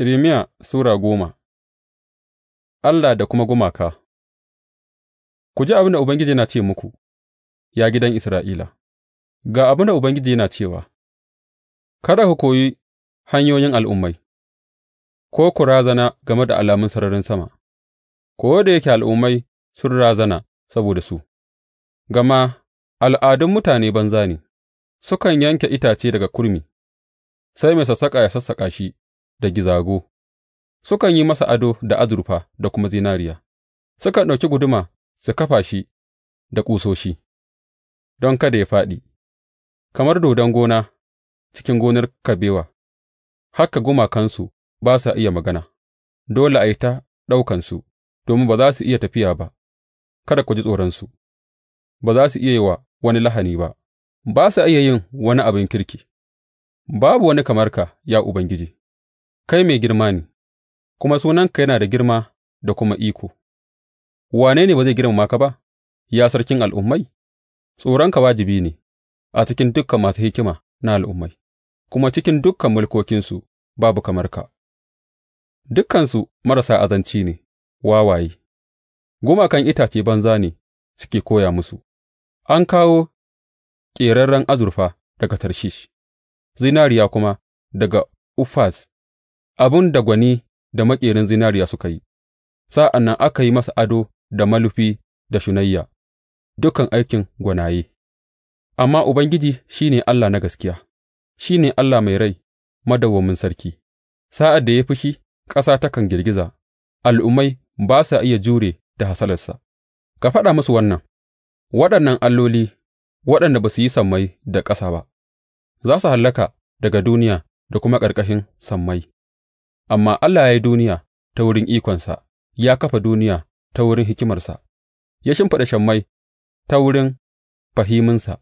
Irmiya Sura goma Allah da kuma gumaka Ku ji abin da Ubangiji yana ce muku, ya gidan Isra'ila, ga abin da Ubangiji yana cewa, Kada ku koyi hanyoyin al'ummai, ko ku razana game da alamun sararin sama, ko da yake al'ummai sun razana saboda su, gama al'adun mutane banza ne, sukan yanke itace daga kurmi, sai mai sassaƙa ya sassaƙa shi. da gizago, sukan yi masa ado da azurfa da kuma zinariya, sukan ɗauki guduma su kafa shi da ƙusoshi, don kada ya fāɗi, kamar dodon gona cikin gonar kabewa, haka gumakansu ba sa iya magana, dole a yi ta ɗaukansu, domin ba za su iya tafiya ba, kada ku ji tsoronsu, ba za su iya yi wa wani lahani ba, ba sa iya yin wani abin kirki, babu wani kamar ka, ya Ubangiji. kai mai girma ne, kuma sunanka yana da girma da kuma iko, wane ne ba zai girmama ka ba, ya sarkin al'ummai? Tsoronka wajibi ne a cikin dukan masu hikima na al'ummai, kuma cikin dukan mulkokinsu babu kamar ka, dukansu marasa azanci ne, wawaye, gumakan itace banza ne suke koya musu, an kawo ƙerarren azurfa daga Tarshish, zinariya kuma daga Ufaz. abin da gwani da maƙerin zinariya suka yi, sa'an nan aka yi masa ado da malufi da shunayya, dukan aikin gwanaye. Amma Ubangiji shi ne Allah na gaskiya, shi ne Allah mai rai, madawwamin sarki, sa'ad da ya fushi, ƙasa takan girgiza, al'ummai ba sa iya jure da hasalarsa. Ka faɗa musu wannan, waɗannan alloli waɗanda ba su yi sammai da ƙasa ba, za su hallaka daga duniya da kuma ƙarƙashin sammai. amma Allah ya yi duniya ta wurin ikonsa, ya kafa duniya ta wurin hikimarsa, ya shimfiɗa shammai ta wurin fahiminsa,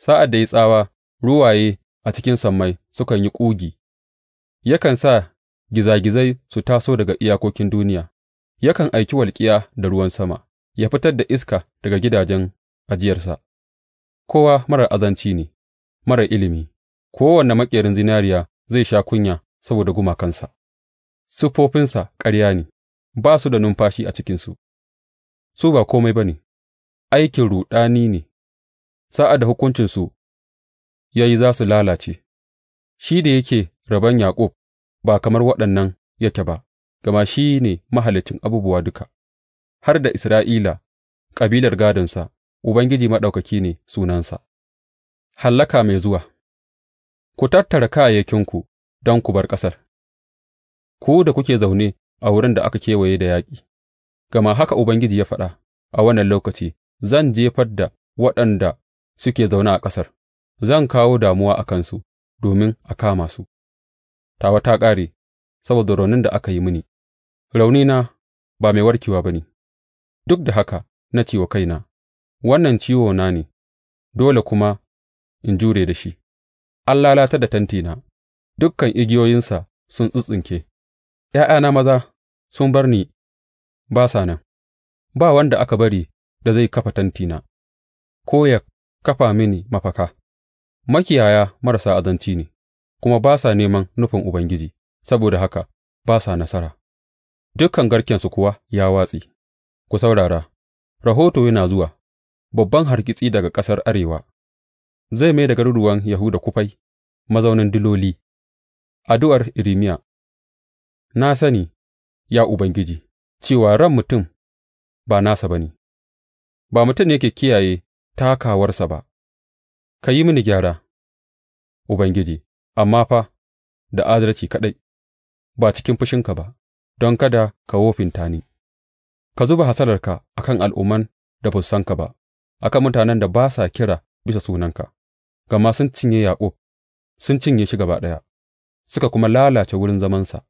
sa'ad da ya tsawa ruwaye a cikin sammai sukan yi ƙugi, yakan sa gizagizai su taso daga iyakokin duniya, yakan aiki walƙiya da ruwan sama, ya fitar da iska daga gidajen ajiyarsa. Kowa marar azanci ne, marar ilimi, kowane maƙerin zinariya zai sha kunya saboda gumakansa. siffofinsa ƙarya ne, ba su da numfashi a cikinsu, su ba kome ba ne, aikin ruɗami ne, sa'ad da hukuncinsu ya yi za su lalace, shi da yake rabon Yaƙub ba kamar waɗannan yake ba, gama shi ne mahalicin abubuwa duka, har da Isra'ila, kabilar gādonsa, Ubangiji Maɗaukaki ne sunansa. Hallaka mai zuwa Ku tattara kayayyakinku don ku bar ƙasar. ku da kuke zaune a wurin da aka kewaye da yaƙi, gama haka Ubangiji ya faɗa a wannan lokaci zan jefar da waɗanda suke zaune a ƙasar, zan kawo damuwa a kansu domin a kama su, tawa ta ƙare saboda raunin da aka yi mini, raunina ba mai warkewa ba ne, duk da haka na ce wa kaina, wannan ciwona ne, dole kuma in jure da shi, an lalata da tentina, dukkan igiyoyinsa sun tsintsinke. ’Ya'yana maza sun bar ni ba sa nan; ba wanda aka bari da zai kafa tantina. ko ya kafa mini mafaka; makiyaya marasa azanci ne kuma ba sa neman nufin Ubangiji, saboda haka ba sa nasara, dukan garkensu kuwa ya watsi. Ku saurara, rahoto yana zuwa, babban hargitsi daga ƙasar arewa; zai mai da garuruwan Yahuda kufai, mazaunin diloli. Addu'ar Irimiya. Na sani, ya Ubangiji, cewa ran mutum ba nasa ba ne, ba mutum ne yake kiyaye takawarsa ba; ka yi mini gyara, Ubangiji, amma fa da adalci kaɗai, ba cikin fushinka ba, don kada ka wofinta ni; ka zuba hasararka a kan al'umman da ba ba, a kan mutanen da ba sa kira bisa sunanka, gama sun cinye Yaƙub sun cinye shi gaba ɗaya suka kuma lalace wurin zamansa.